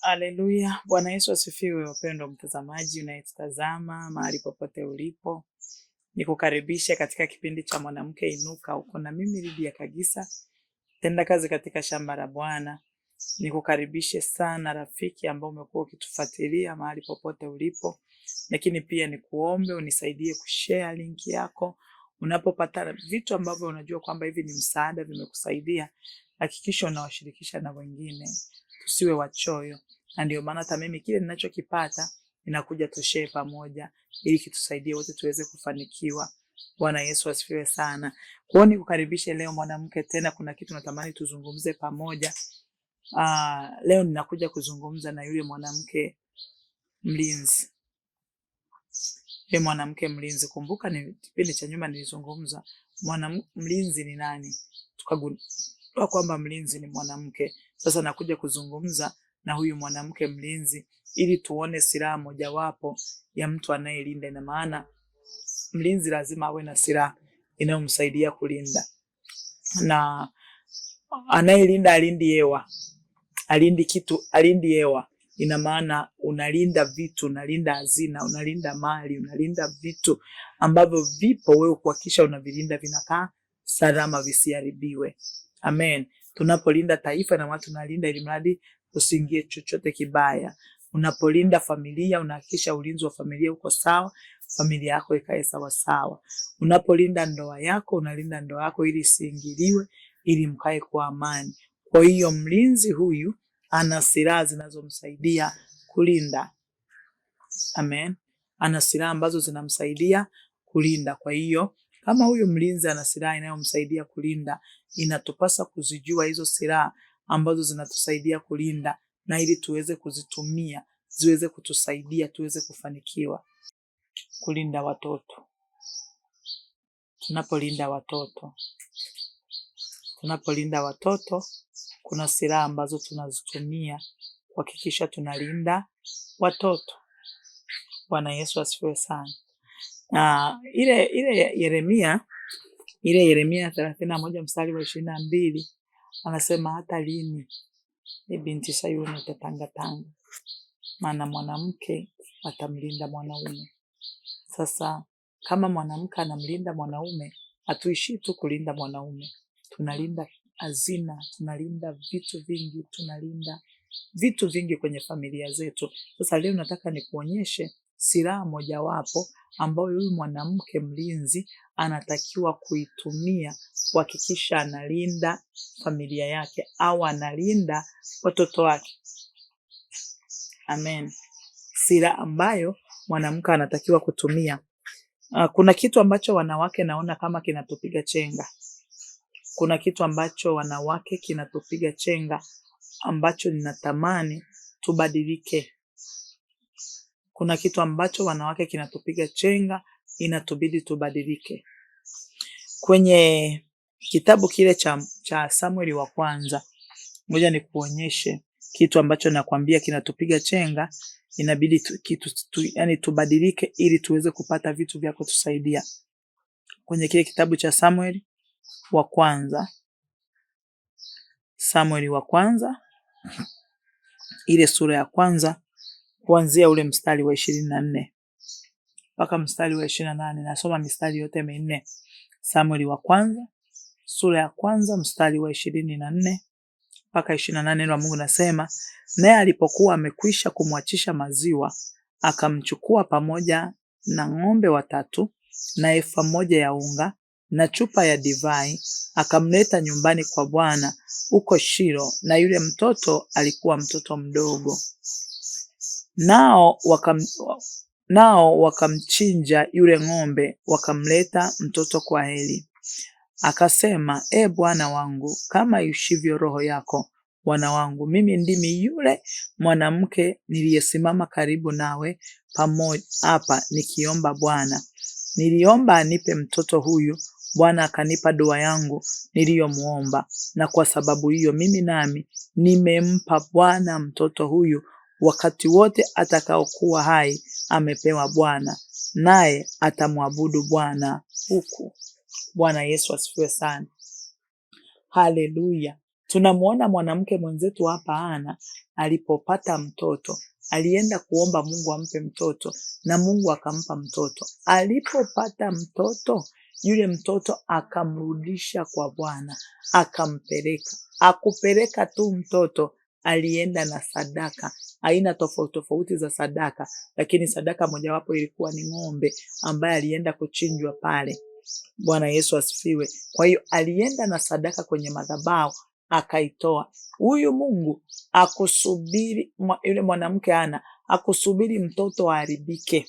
Haleluya, Bwana Yesu asifiwe. Wapendwa mtazamaji unayetazama mahali popote ulipo, nikukaribisha katika kipindi cha Mwanamke Inuka. Uko na mimi Lydia Kagisa, tenda kazi katika shamba la Bwana. Nikukaribishe sana rafiki ambao umekuwa ukitufuatilia mahali popote ulipo, lakini pia nikuombe unisaidie kushare linki yako unapopata vitu ambavyo unajua kwamba hivi ni msaada, vimekusaidia hakikisha unawashirikisha na wengine tusiwe wachoyo, na ndio maana hata mimi kile ninachokipata inakuja tushee pamoja, ili kitusaidie wote tuweze kufanikiwa. Bwana Yesu asifiwe sana. Kwao nikukaribishe leo mwanamke, tena kuna kitu natamani tuzungumze pamoja. Aa, ah, leo ninakuja kuzungumza na yule mwanamke mlinzi, yule mwanamke mlinzi. Kumbuka ni kipindi cha nyuma nilizungumza mwanamke mlinzi ni nani, tukagundua kwamba mlinzi ni mwanamke. Sasa nakuja kuzungumza na huyu mwanamke mlinzi ili tuone silaha mojawapo ya mtu anayelinda. na maana mlinzi lazima awe na silaha inayomsaidia kulinda, na anayelinda alindi hewa, alindi kitu, alindi hewa. Ina maana unalinda vitu, unalinda hazina, unalinda mali, unalinda vitu ambavyo vipo, wewe kuhakikisha unavilinda vinakaa salama, visiharibiwe. Amen. Tunapolinda taifa na watu tunalinda ili mradi usiingie chochote kibaya. Unapolinda familia unahakikisha ulinzi wa familia uko sawa, familia yako ikae sawa sawa. Unapolinda ndoa yako unalinda ndoa yako ili isiingiliwe, ili mkae kwa amani. Kwa hiyo mlinzi huyu ana silaha zinazomsaidia kulinda. Amen, ana silaha ambazo zinamsaidia kulinda. Kwa hiyo kama huyu mlinzi ana silaha inayomsaidia kulinda, inatupasa kuzijua hizo silaha ambazo zinatusaidia kulinda, na ili tuweze kuzitumia ziweze kutusaidia tuweze kufanikiwa kulinda watoto. Tunapolinda watoto, tunapolinda watoto, kuna silaha ambazo tunazitumia kuhakikisha tunalinda watoto. Bwana Yesu asifiwe sana. Na ile ile Yeremia ile Yeremia thelathini na moja mstari wa ishirini na mbili anasema hata lini ni binti Sayuni utatangatanga, maana mwanamke atamlinda mwanaume. Sasa kama mwanamke anamlinda mwanaume, hatuishii tu kulinda mwanaume, tunalinda hazina, tunalinda vitu vingi, tunalinda vitu vingi kwenye familia zetu. Sasa leo nataka nikuonyeshe silaha mojawapo ambayo huyu mwanamke mlinzi anatakiwa kuitumia kuhakikisha analinda familia yake au analinda watoto wake. Amen. Sira ambayo mwanamke anatakiwa kutumia. Ah, kuna kitu ambacho wanawake naona kama kinatupiga chenga. Kuna kitu ambacho wanawake kinatupiga chenga ambacho ninatamani tubadilike. Kuna kitu ambacho wanawake kinatupiga chenga inatubidi tubadilike. Kwenye kitabu kile cha, cha Samueli wa kwanza, ngoja nikuonyeshe kitu ambacho nakwambia kinatupiga chenga. Inabidi tu, kitu, tu, yani tubadilike ili tuweze kupata vitu vya kutusaidia kwenye kile kitabu cha Samueli wa kwanza, Samueli wa kwanza ile sura ya kwanza kuanzia ule mstari wa ishirini na nne mpaka mstari wa ishirini na nane. Nasoma mistari yote minne. Samueli wa kwanza sura ya kwanza mstari wa ishirini na nne mpaka ishirini na nane. Neno la Mungu nasema, naye alipokuwa amekwisha kumwachisha maziwa, akamchukua pamoja na ng'ombe watatu na efa moja ya unga na chupa ya divai, akamleta nyumbani kwa Bwana huko Shilo, na yule mtoto alikuwa mtoto mdogo. Nao wakam, Nao wakamchinja yule ng'ombe, wakamleta mtoto kwa Eli. Akasema, E Bwana wangu, kama ishivyo roho yako, Bwana wangu, mimi ndimi yule mwanamke niliyesimama karibu nawe pamoja hapa nikiomba Bwana. Niliomba anipe mtoto huyu, Bwana akanipa dua yangu niliyomuomba, na kwa sababu hiyo mimi nami nimempa Bwana mtoto huyu wakati wote atakaokuwa hai amepewa Bwana, naye atamwabudu Bwana huku. Bwana Yesu asifiwe sana, haleluya. Tunamwona mwanamke mwenzetu hapa Ana alipopata mtoto alienda kuomba Mungu ampe mtoto na Mungu akampa mtoto. Alipopata mtoto, yule mtoto akamrudisha kwa Bwana, akampeleka. Akupeleka tu mtoto, alienda na sadaka aina tofauti tofauti za sadaka, lakini sadaka mojawapo ilikuwa ni ng'ombe ambaye alienda kuchinjwa pale. Bwana Yesu asifiwe. Kwa hiyo alienda na sadaka kwenye madhabahu akaitoa. Huyu Mungu akusubiri yule mwanamke ana akusubiri mtoto aharibike.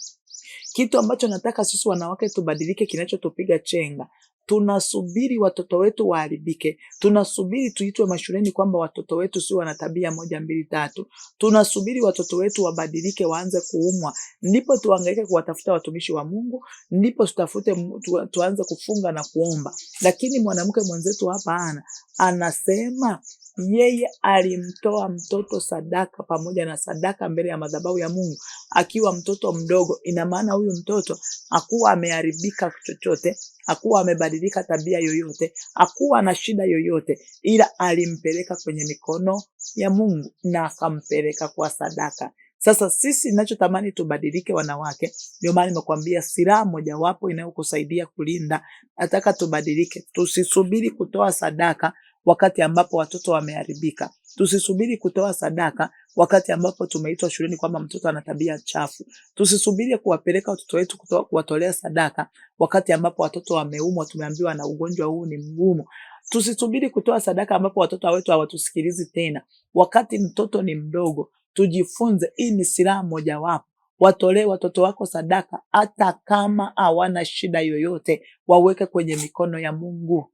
Kitu ambacho nataka sisi wanawake tubadilike, kinachotupiga chenga tunasubiri watoto wetu waharibike, tunasubiri tuitwe mashuleni kwamba watoto wetu si wana tabia moja mbili tatu, tunasubiri watoto wetu wabadilike, waanze kuumwa, ndipo tuangaike kuwatafuta watumishi wa Mungu, ndipo tutafute tu, tuanze kufunga na kuomba. Lakini mwanamke mwenzetu hapa ana anasema yeye alimtoa mtoto sadaka pamoja na sadaka mbele ya madhabahu ya Mungu akiwa mtoto mdogo. Ina maana huyu mtoto akuwa ameharibika chochote, akuwa amebadilika tabia yoyote, akuwa na shida yoyote, ila alimpeleka kwenye mikono ya Mungu na akampeleka kwa sadaka. Sasa sisi ninachotamani tubadilike, wanawake. Ndio maana nimekuambia silaha mojawapo inayokusaidia kulinda, nataka tubadilike, tusisubiri kutoa sadaka wakati ambapo watoto wameharibika. Tusisubiri kutoa sadaka wakati ambapo tumeitwa shuleni kwamba mtoto ana tabia chafu. Tusisubiri kuwapeleka watoto wetu kuwatolea sadaka wakati ambapo watoto wameumwa, tumeambiwa na ugonjwa huu ni mgumu. Tusisubiri kutoa sadaka ambapo watoto wetu hawatusikilizi tena. Wakati mtoto ni mdogo, tujifunze. Hii ni silaha mojawapo. Watolee watoto wako sadaka, hata kama hawana shida yoyote, waweke kwenye mikono ya Mungu.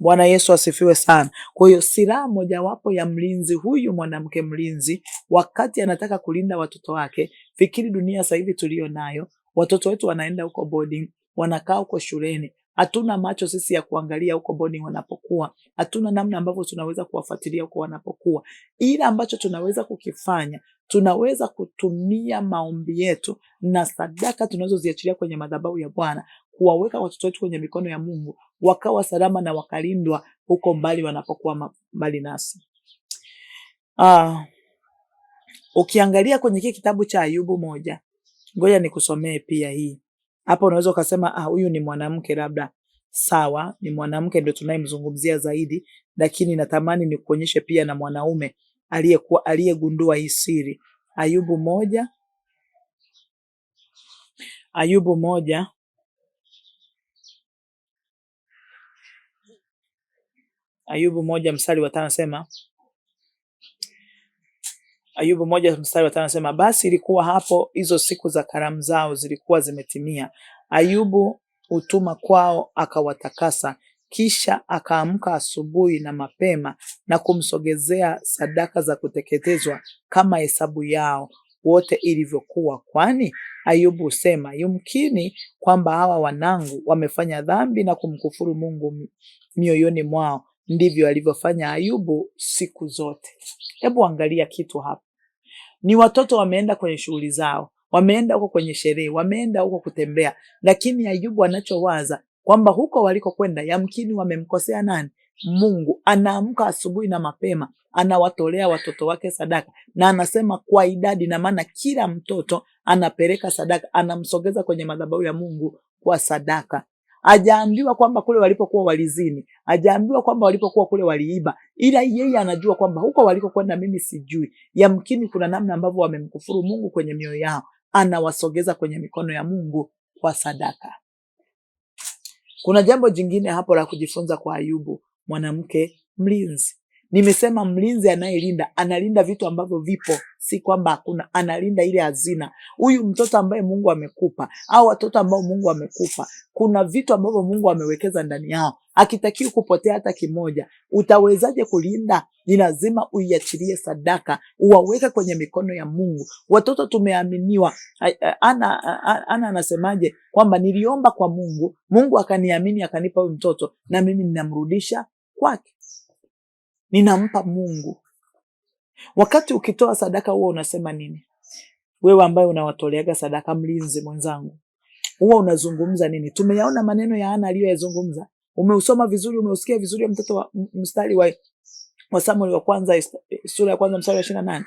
Bwana Yesu asifiwe sana. Kwa hiyo silaha mojawapo ya mlinzi huyu mwanamke mlinzi, wakati anataka kulinda watoto wake, fikiri dunia sasa hivi tuliyo nayo, watoto wetu wanaenda huko boarding, wanakaa huko shuleni hatuna macho sisi ya kuangalia huko bodi wanapokuwa, hatuna namna ambavyo tunaweza kuwafuatilia huko wanapokuwa. Ila ambacho tunaweza kukifanya, tunaweza kutumia maombi yetu na sadaka tunazoziachilia kwenye madhabahu ya Bwana kuwaweka watoto wetu kwenye mikono ya Mungu, wakawa salama na wakalindwa huko mbali wanapokuwa mbali nasi. Ah, ukiangalia kwenye kile kitabu cha Ayubu moja, ngoja nikusomee pia hii hapa Unaweza ukasema ah, huyu ni mwanamke labda Sawa, ni mwanamke ndio tunayemzungumzia zaidi, lakini natamani nikuonyeshe pia na mwanaume aliyekuwa aliyegundua hii siri. Ayubu moja, Ayubu moja Ayubu moja mstari wa tano Ayubu moja mstari wa tano basi ilikuwa hapo hizo siku za karamu zao zilikuwa zimetimia, Ayubu hutuma kwao akawatakasa, kisha akaamka asubuhi na mapema na kumsogezea sadaka za kuteketezwa kama hesabu yao wote ilivyokuwa, kwani Ayubu husema yumkini kwamba hawa wanangu wamefanya dhambi na kumkufuru Mungu mioyoni mwao, ndivyo alivyofanya Ayubu siku zote. Hebu angalia kitu hapa, ni watoto wameenda kwenye shughuli zao, wameenda huko kwenye sherehe, wameenda huko kutembea, lakini Ayubu anachowaza kwamba huko walikokwenda yamkini wamemkosea nani? Mungu. Anaamka asubuhi na mapema, anawatolea watoto wake sadaka, na anasema kwa idadi, na maana kila mtoto anapeleka sadaka, anamsogeza kwenye madhabahu ya Mungu kwa sadaka. Hajaambiwa kwamba kule walipokuwa walizini, hajaambiwa kwamba walipokuwa kule waliiba, ila yeye anajua kwamba huko walikokwenda mimi sijui. Yamkini kuna namna ambavyo wamemkufuru Mungu kwenye mioyo yao, anawasogeza kwenye mikono ya Mungu kwa sadaka. Kuna jambo jingine hapo la kujifunza kwa Ayubu, mwanamke mlinzi. Nimesema mlinzi anayelinda analinda vitu ambavyo vipo, si kwamba hakuna, analinda ile hazina. Huyu mtoto ambaye Mungu amekupa au watoto ambao Mungu amekupa, kuna vitu ambavyo Mungu amewekeza ndani yao, akitakiwi kupotea hata kimoja. Utawezaje kulinda? Ni lazima uiachilie sadaka, uwaweke kwenye mikono ya Mungu. Watoto tumeaminiwa. Ana, ana anasemaje? Kwamba niliomba kwa Mungu, Mungu akaniamini akanipa huyu mtoto, na mimi ninamrudisha kwake ninampa Mungu. Wakati ukitoa sadaka huwa unasema nini? Wewe ambaye unawatoleaga sadaka, mlinzi mwenzangu, huwa unazungumza nini? Tumeyaona maneno ya Ana aliyoyazungumza, umeusoma vizuri, umeusikia vizuri, mtoto wa mstari wa, wa Samueli wa kwanza sura ya kwanza mstari wa ishirini na nane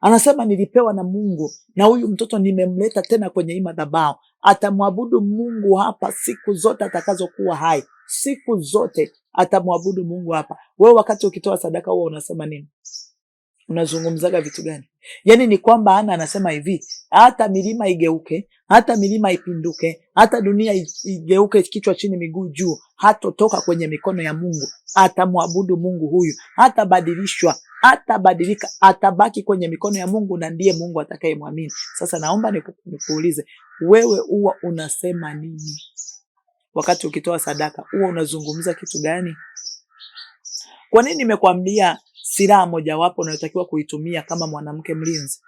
anasema nilipewa na Mungu na huyu mtoto nimemleta tena kwenye hii madhabahu, atamwabudu Mungu hapa siku zote atakazokuwa hai siku zote atamwabudu Mungu hapa. Wewe wakati ukitoa sadaka huwa unasema nini? Unazungumzaga vitu gani? Yaani ni kwamba Ana anasema hivi, hata milima igeuke, hata milima ipinduke, hata dunia igeuke kichwa chini miguu juu, hatotoka kwenye mikono ya Mungu. Atamwabudu Mungu huyu, hatabadilishwa, hatabadilika, atabaki kwenye mikono ya Mungu na ndiye Mungu atakayemwamini. Sasa naomba nikuulize wewe, huwa unasema nini? wakati ukitoa sadaka huwa unazungumza kitu gani? Kwa nini nimekwambia silaha mojawapo unayotakiwa kuitumia kama mwanamke mlinzi?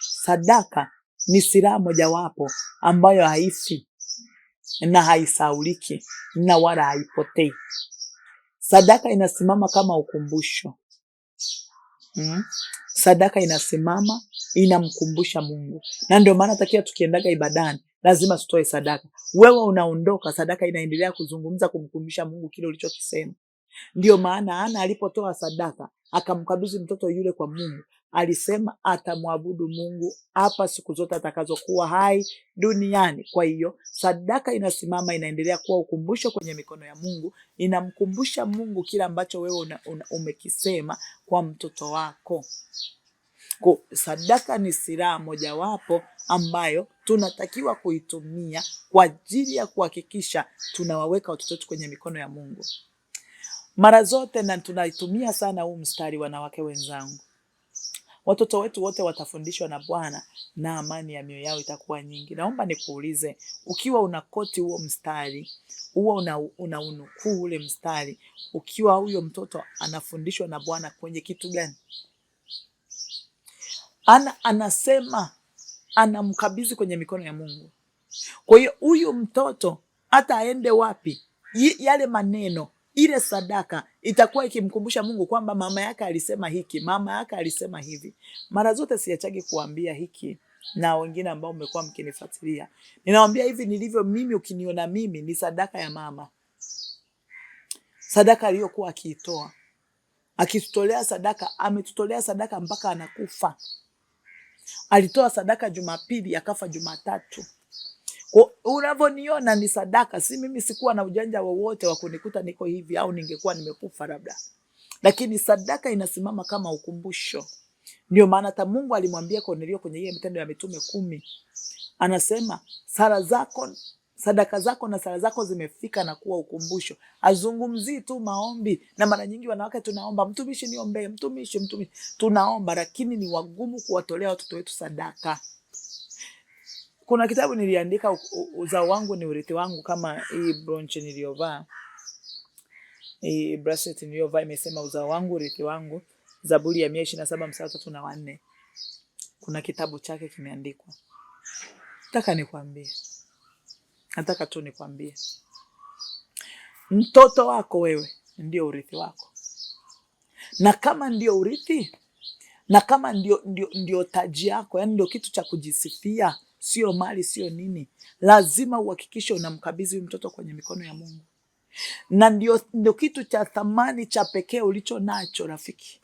Sadaka ni silaha mojawapo ambayo haifi na haisauliki na wala haipotei. Sadaka inasimama kama ukumbusho hmm? Sadaka inasimama inamkumbusha Mungu, na ndio maana takia tukiendaga ibadani lazima tutoe sadaka. Wewe unaondoka, sadaka inaendelea kuzungumza kumkumbusha Mungu kile ulichokisema. ndio maana Ana alipotoa sadaka akamkabidhi mtoto yule kwa Mungu, alisema atamwabudu Mungu hapa siku zote atakazokuwa hai duniani. Kwa hiyo sadaka inasimama, inaendelea kuwa ukumbusho kwenye mikono ya Mungu, inamkumbusha Mungu kile ambacho wewe una, una, umekisema kwa mtoto wako. Kwa sadaka ni silaha mojawapo ambayo tunatakiwa kuitumia kwa ajili ya kuhakikisha tunawaweka watoto wetu kwenye mikono ya Mungu mara zote, na tunaitumia sana huu mstari, wanawake wenzangu. Watoto wetu wote watafundishwa na Bwana na amani ya mioyo yao itakuwa nyingi. Naomba nikuulize, ukiwa unakoti huo mstari, huwa una, una unukuu ule mstari, ukiwa huyo mtoto anafundishwa na Bwana kwenye kitu gani? Ana, anasema anamkabidhi kwenye mikono ya Mungu. Kwa hiyo huyu mtoto hata aende wapi, yale maneno, ile sadaka itakuwa ikimkumbusha Mungu kwamba mama yake alisema hiki, mama yake alisema hivi. Mara zote siachagi kuambia hiki na wengine ambao mmekuwa mkinifuatilia, ninawambia hivi nilivyo mimi, ukiniona mimi ni sadaka ya mama, sadaka aliyokuwa akiitoa, akitutolea sadaka, ametutolea sadaka mpaka anakufa. Alitoa sadaka Jumapili, akafa Jumatatu. Unavyoniona ni sadaka, si mimi sikuwa na ujanja wowote wa kunikuta niko hivi, au ningekuwa nimekufa labda, lakini sadaka inasimama kama ukumbusho. Ndio maana hata Mungu alimwambia Kornelio kwenye ile Matendo ya Mitume kumi, anasema sala zako sadaka zako na sala zako zimefika na kuwa ukumbusho. Azungumzii tu maombi, na mara nyingi wanawake tunaomba mtumishi, niombee mtumishi, mtumishi, tunaomba lakini ni wagumu kuwatolea watoto wetu sadaka. Kuna kitabu niliandika, uzao wangu ni urithi wangu, kama hii bronchi niliyovaa hii bracelet niliyovaa imesema uzao wangu urithi wangu, Zaburi ya mia ishirini na saba mstari tatu na wanne. Kuna kitabu chake kimeandikwa, nataka nikwambie nataka tu nikwambie, mtoto wako wewe ndio urithi wako, na kama ndio urithi na kama ndio, ndio, ndio taji yako, yani ndio kitu cha kujisifia, sio mali, sio nini, lazima uhakikishe unamkabidhi huyu mtoto kwenye mikono ya Mungu, na ndio, ndio kitu cha thamani cha pekee ulicho nacho rafiki.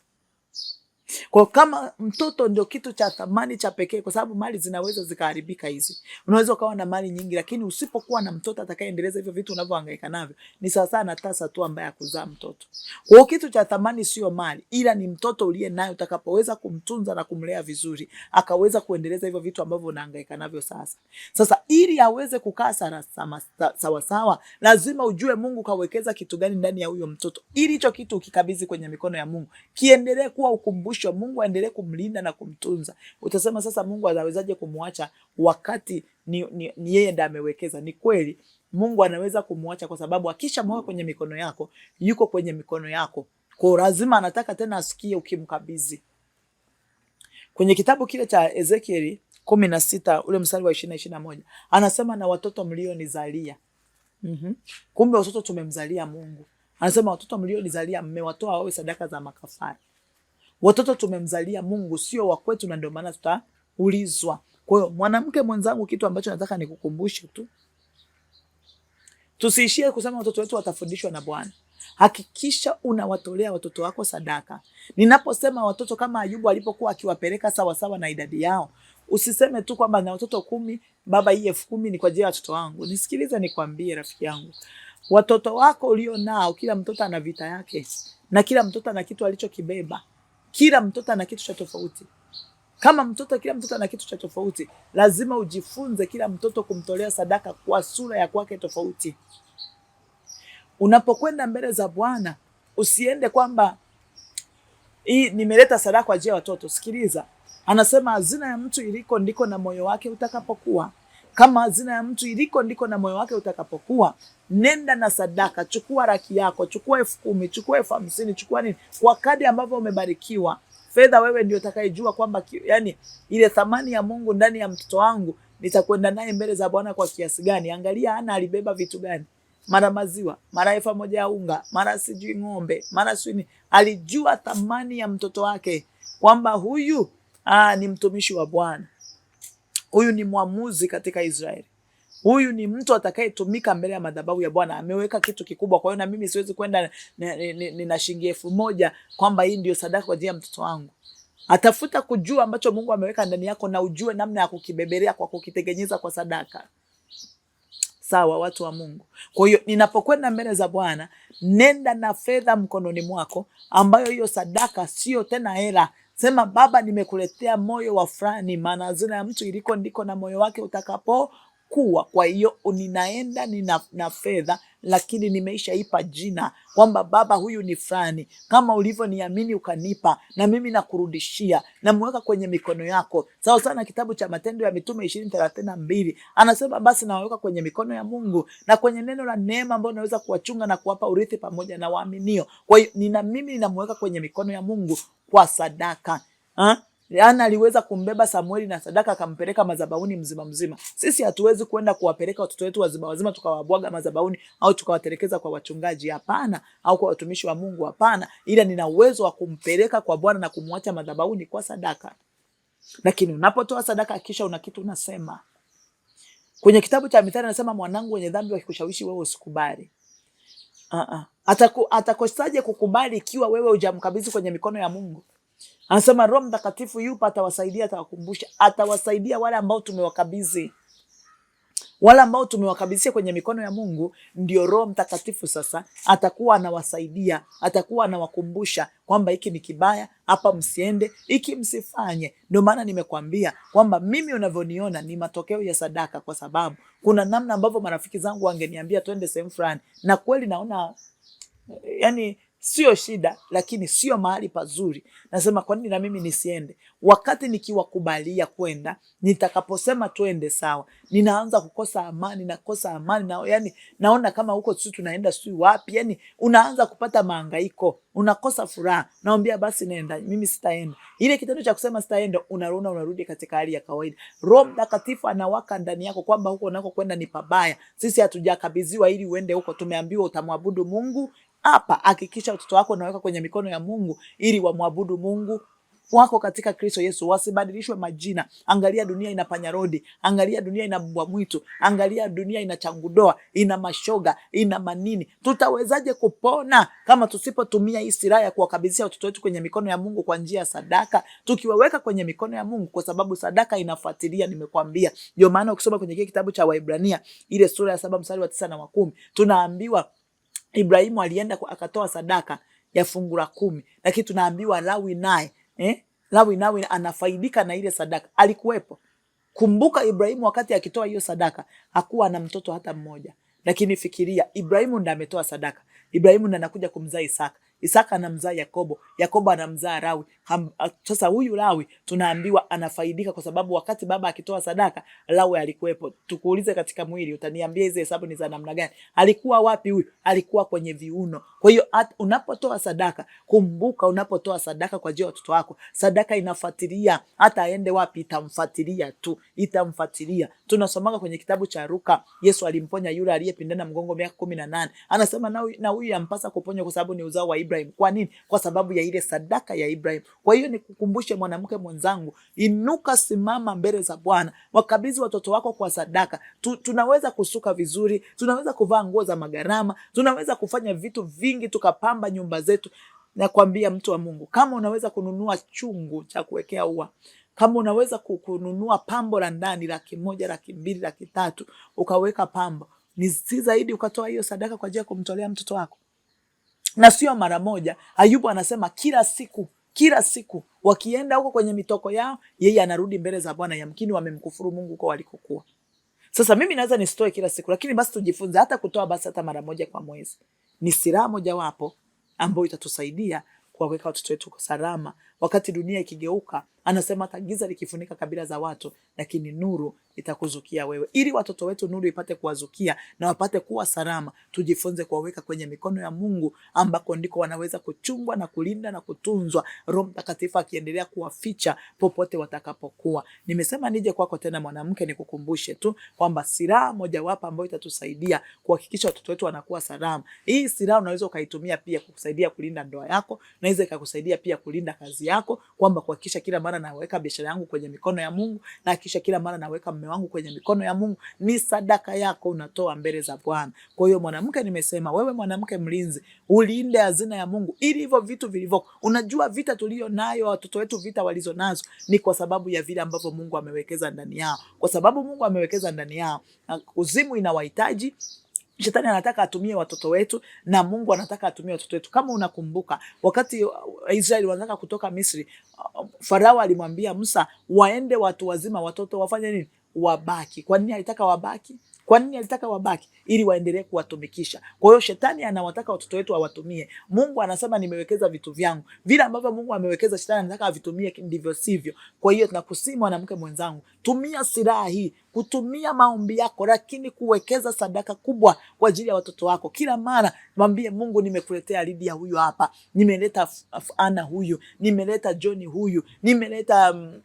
Kwa kama mtoto ndio kitu cha thamani cha pekee, kwa sababu mali zinaweza zikaharibika hizi. Unaweza ukawa na mali nyingi, lakini usipokuwa na mtoto atakayeendeleza hivyo vitu unavyohangaika navyo, ni sawa sawa na tasa tu ambaye akuzaa mtoto. Kwa hiyo kitu cha thamani sio mali, ila ni mtoto uliye naye, utakapoweza kumtunza na kumlea vizuri, akaweza kuendeleza hivyo vitu ambavyo unahangaika navyo sasa. Sasa ili aweze kukaa sawa sawa, lazima ujue Mungu kawekeza kitu gani ndani ya huyo mtoto, ili hicho kitu ukikabidhi kwenye mikono ya Mungu kiendelee kuwa ukumbusho mwisho, Mungu aendelee kumlinda na kumtunza. Utasema sasa, Mungu anawezaje kumwacha wakati ni, ni, ni yeye ndiye amewekeza? Ni kweli Mungu anaweza kumwacha, kwa sababu akisha mwaka kwenye mikono yako, yuko kwenye mikono yako, kwa lazima anataka tena asikie ukimkabidhi. Kwenye kitabu kile cha Ezekieli kumi na sita ule mstari wa ishirini na ishirini na moja anasema na watoto mlionizalia. mm -hmm. Kumbe watoto tumemzalia Mungu. Anasema watoto mlionizalia mmewatoa wawe sadaka za makafara. Watoto tumemzalia Mungu, sio wa kwetu, na ndio maana tutaulizwa. Kwa hiyo mwanamke mwenzangu, kitu ambacho nataka nikukumbushe tu, tusiishie kusema watoto wetu watafundishwa na Bwana. Hakikisha unawatolea watoto wako sadaka. Ninaposema watoto, kama Ayubu alipokuwa akiwapeleka sawasawa na idadi yao, usiseme tu kwamba na watoto kumi, baba, hii elfu kumi ni kwa ajili ya watoto wangu. Nisikilize nikwambie, rafiki yangu, watoto wako ulio nao, kila mtoto ana vita yake na kila mtoto ana kitu alichokibeba kila mtoto ana kitu cha tofauti. Kama mtoto, kila mtoto ana kitu cha tofauti, lazima ujifunze kila mtoto kumtolea sadaka kwa sura ya kwake tofauti. Unapokwenda mbele za Bwana usiende kwamba hii nimeleta sadaka kwa ajili ya watoto. Sikiliza, anasema hazina ya mtu iliko ndiko na moyo wake utakapokuwa. Kama hazina ya mtu iliko ndiko na moyo wake utakapokuwa. Nenda na sadaka, chukua raki yako, chukua elfu kumi, chukua elfu hamsini, chukua nini, kwa kadi ambavyo umebarikiwa. Fedha wewe ndio utakayejua kwamba yani, ile thamani ya Mungu ndani ya mtoto wangu nitakwenda naye mbele za Bwana kwa kiasi gani? Angalia Ana alibeba vitu gani? Mara maziwa, mara efa moja ya unga, mara sijui ng'ombe, mara sijui. Alijua thamani ya mtoto wake kwamba huyu aa, ah, ni mtumishi wa Bwana. Huyu ni mwamuzi katika Israeli. Huyu ni mtu atakayetumika mbele ya madhabahu ya Bwana. Ameweka kitu kikubwa. Kwa hiyo na mimi siwezi kwenda nina shilingi elfu moja kwamba hii ndio sadaka kwa ajili ya mtoto wangu. Atafuta kujua ambacho Mungu ameweka ndani yako na ujue namna ya kukibebelea kwa kukitegenyeza kwa sadaka. Sawa, watu wa Mungu. Kwa hiyo ninapokwenda mbele za Bwana, nenda na fedha mkononi mwako, ambayo hiyo sadaka sio tena hela Sema, Baba, nimekuletea moyo wa fulani, maana hazina ya mtu iliko ndiko na moyo wake kuwa Kwa hiyo ninaenda nina na fedha lakini nimeisha ipa jina kwamba Baba, huyu ni fulani, kama ulivyoniamini ukanipa, na mimi nakurudishia, namweka kwenye mikono yako. Sawa sana, kitabu cha Matendo ya Mitume ishirini thelathini na mbili anasema basi nawaweka kwenye mikono ya Mungu na kwenye neno la neema, ambayo naweza kuwachunga na kuwapa urithi pamoja na waaminio. Kwa hiyo nina mimi ninamweka kwenye mikono ya Mungu kwa sadaka ha? Ana yaani aliweza kumbeba Samueli na sadaka akampeleka madhabahuni mzima mzima. Sisi hatuwezi kwenda kuwapeleka watoto wetu wazima wazima tukawabwaga madhabahuni au tukawatelekeza kwa wachungaji, hapana, au kwa watumishi wa Mungu, hapana, ila nina uwezo wa kumpeleka kwa Bwana na kumwacha madhabahuni kwa sadaka. Lakini unapotoa sadaka kisha una kitu unasema. Kwenye kitabu cha Mithali anasema, mwanangu, wenye dhambi wakikushawishi wewe usikubali. uh -uh atakosaje kukubali ikiwa wewe hujamkabidhi kwenye mikono ya Mungu? Anasema Roho Mtakatifu yupo, atawasaidia, atawakumbusha, atawasaidia wale ambao tumewakabidhi, wale ambao tumewakabidhia kwenye mikono ya Mungu. Ndio Roho Mtakatifu sasa atakuwa anawasaidia, atakuwa anawakumbusha kwamba hiki ni kibaya, hapa msiende, hiki msifanye. Ndio maana nimekwambia kwamba mimi unavyoniona ni matokeo ya sadaka, kwa sababu kuna namna ambavyo marafiki zangu wangeniambia twende sehemu fulani, na kweli naona yani sio shida, lakini sio mahali pazuri. Nasema kwa nini na mimi nisiende? Wakati nikiwakubalia kwenda, nitakaposema twende sawa, ninaanza kukosa amani, nakosa amani na, yani naona kama huko sisi tunaenda sijui wapi, yani unaanza kupata maangaiko, unakosa furaha. Naambia basi nenda, mimi sitaenda. Ile kitendo cha kusema sitaenda, unaona unarudi katika hali ya kawaida. Roho Mtakatifu anawaka ndani yako kwamba huko unako kwenda ni pabaya. Sisi hatujakabidhiwa ili uende huko, tumeambiwa utamwabudu Mungu hapa, hakikisha watoto wako unaweka kwenye mikono ya Mungu ili wamwabudu Mungu wako katika Kristo Yesu, wasibadilishwe majina. Angalia dunia ina panyarodi, angalia dunia ina mbwa mwitu, angalia dunia ina changudoa, ina mashoga, ina manini. Tutawezaje kupona kama tusipotumia hii silaha ya kuwakabidhia watoto wetu kwenye mikono ya Mungu kwa njia ya sadaka, tukiwaweka kwenye mikono ya Mungu, kwa sababu sadaka inafuatilia. Nimekwambia ndio maana ukisoma kwenye kile kitabu cha Waibrania ile sura ya saba mstari wa tisa na wa kumi tunaambiwa Ibrahimu alienda akatoa sadaka ya fungu la kumi, lakini tunaambiwa Lawi naye eh? Lawi nawe anafaidika na ile sadaka, alikuwepo. Kumbuka Ibrahimu wakati akitoa hiyo sadaka hakuwa na mtoto hata mmoja, lakini fikiria Ibrahimu ndo ametoa sadaka. Ibrahimu ndo anakuja kumzaa Isaka. Isaka anamzaa Yakobo, Yakobo anamzaa Lawi. Sasa huyu Rawi tunaambiwa anafaidika kwa sababu wakati baba akitoa sadaka Rawi alikuwepo. Tukuulize katika mwili, utaniambia hizi hesabu ni za namna gani? Alikuwa wapi huyu? Alikuwa kwenye viuno. Kwa hiyo unapotoa sadaka, kumbuka, unapotoa sadaka kwa ajili ya watoto wako, sadaka inafuatilia, hata aende wapi itamfuatilia tu, itamfuatilia. Tunasomaga kwenye kitabu cha Luka, Yesu alimponya yule aliyepindana mgongo miaka kumi na nane. Anasema na huyu yampasa kuponywa kwa sababu ni uzao wa Ibrahim. Kwa nini? Kwa sababu ya ile sadaka ya Ibrahim. Kwa hiyo nikukumbushe mwanamke mwenzangu, inuka, simama mbele za Bwana, wakabidhi watoto wako kwa sadaka. Tu, tunaweza kusuka vizuri, tunaweza kuvaa nguo za magarama, tunaweza kufanya vitu vingi, tukapamba nyumba zetu. Nakwambia mtu wa Mungu, kama unaweza kununua chungu cha kuwekea ua kama unaweza kununua pambo la ndani laki moja, laki mbili, laki tatu, ukaweka pambo, ni si zaidi, ukatoa hiyo sadaka kwa ajili ya kumtolea mtoto wako na sio mara moja. Ayubu anasema kila siku kila siku wakienda huko kwenye mitoko yao, yeye anarudi mbele za Bwana. Yamkini wamemkufuru Mungu kwa walikokuwa. Sasa mimi naweza nisitoe kila siku, lakini basi tujifunze hata kutoa basi hata mara moja kwa mwezi. Ni silaha mojawapo ambayo itatusaidia kuwaweka watoto wetu salama, wakati dunia ikigeuka. Anasema hata giza likifunika kabila za watu, lakini nuru itakuzukia wewe, ili watoto wetu nuru ipate kuwazukia na wapate kuwa salama. Tujifunze kuwaweka kwenye mikono ya Mungu ambako ndiko wanaweza kuchungwa na kulinda na kutunzwa, Roho Mtakatifu akiendelea kuwaficha popote watakapokuwa. Nimesema nije kwako tena, mwanamke, nikukumbushe tu kwamba silaha mojawapo ambayo itatusaidia kuhakikisha watoto wetu wanakuwa salama, hii silaha unaweza ukaitumia pia kukusaidia kulinda ndoa yako, naweza ikakusaidia pia kulinda kazi yako, kwamba kuhakikisha kila mara naweka biashara yangu kwenye mikono ya Mungu na hakikisha kila mara naweka mume mume wangu kwenye mikono ya Mungu, ni sadaka yako unatoa mbele za Bwana. Kwa hiyo mwanamke, nimesema wewe mwanamke mlinzi, ulinde hazina ya Mungu ili hivyo vitu vilivyo, Unajua vita tuliyo nayo, watoto wetu vita walizo nazo ni kwa sababu ya vile ambavyo Mungu amewekeza ndani yao, kwa sababu Mungu amewekeza ndani yao. uzimu inawahitaji Shetani anataka atumie watoto wetu na Mungu anataka atumie watoto wetu. Kama unakumbuka wakati uh, Israeli wanataka kutoka Misri, uh, Farao alimwambia Musa, waende watu wazima, watoto wafanye nini? wabaki. Kwa nini alitaka wabaki? Kwa nini alitaka wabaki? Ili waendelee kuwatumikisha. Kwa hiyo shetani anawataka watoto wetu awatumie. Mungu anasema nimewekeza vitu vyangu. Vile ambavyo Mungu amewekeza shetani anataka avitumie ndivyo sivyo. Kwa hiyo tunakusii, mwanamke mwenzangu, tumia silaha hii, kutumia maombi yako, lakini kuwekeza sadaka kubwa kwa ajili ya watoto wako. Kila mara mwambie Mungu, nimekuletea Lidia huyu hapa, nimeleta Ana huyu, nimeleta John huyu, nimeleta um,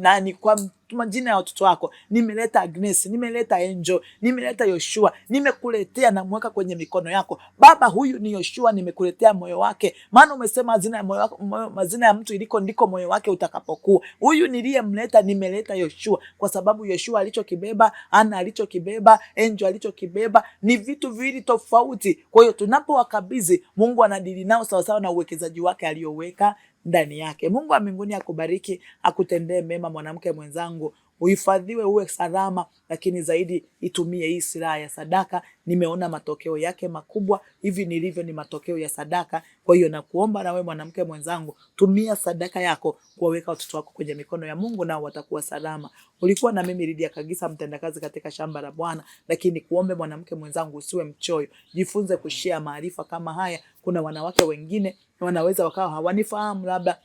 nani kwa majina ya watoto wako. Nimeleta Agnes, nimeleta Angel, nimeleta Yoshua, nimekuletea, namweka kwenye mikono yako Baba. Huyu ni Yoshua, nimekuletea moyo wake, maana umesema hazina ya moyo wako, mazina ya mtu iliko ndiko moyo wake utakapokuwa. Huyu niliyemleta, nimeleta Yoshua kwa sababu Yoshua alichokibeba, Ana alichokibeba, Angel alichokibeba ni vitu viwili tofauti. Kwa hiyo tunapowakabidhi, Mungu anadili nao sawasawa na uwekezaji wake aliyoweka ndani yake. Mungu wa mbinguni akubariki, akutendee mema mwanamke mwenzangu uhifadhiwe, uwe salama, lakini zaidi itumie hii silaha ya sadaka. Nimeona matokeo yake makubwa, hivi nilivyo ni matokeo ya sadaka. Kwa hiyo nakuomba nawe mwanamke mwenzangu, tumia sadaka yako kuwaweka watoto wako kwenye mikono ya Mungu, nao watakuwa salama. Ulikuwa na mimi Lidia Kagisa, mtendakazi katika shamba la Bwana, lakini kuombe mwanamke mwenzangu, usiwe mchoyo, jifunze kushia maarifa kama haya. Kuna wanawake wengine wanaweza wakawa hawanifahamu labda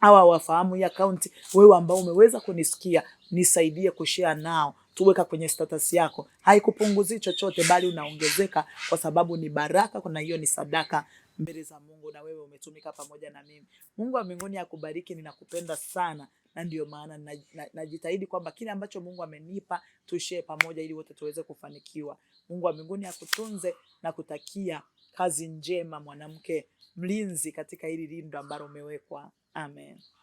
hawa wafahamu hii akaunti. Wewe ambao umeweza kunisikia, nisaidie kushare nao, tuweka kwenye status yako. Haikupunguzi chochote, bali unaongezeka, kwa sababu ni baraka, kuna hiyo ni sadaka mbele za Mungu, na wewe umetumika pamoja na mimi. Mungu wa mbinguni akubariki, ninakupenda sana na ndio maana najitahidi na, na kwamba kile ambacho Mungu amenipa tushee pamoja ili wote tuweze kufanikiwa. Mungu wa mbinguni akutunze na kutakia kazi njema, mwanamke mlinzi katika hili lindo ambalo umewekwa. Amén.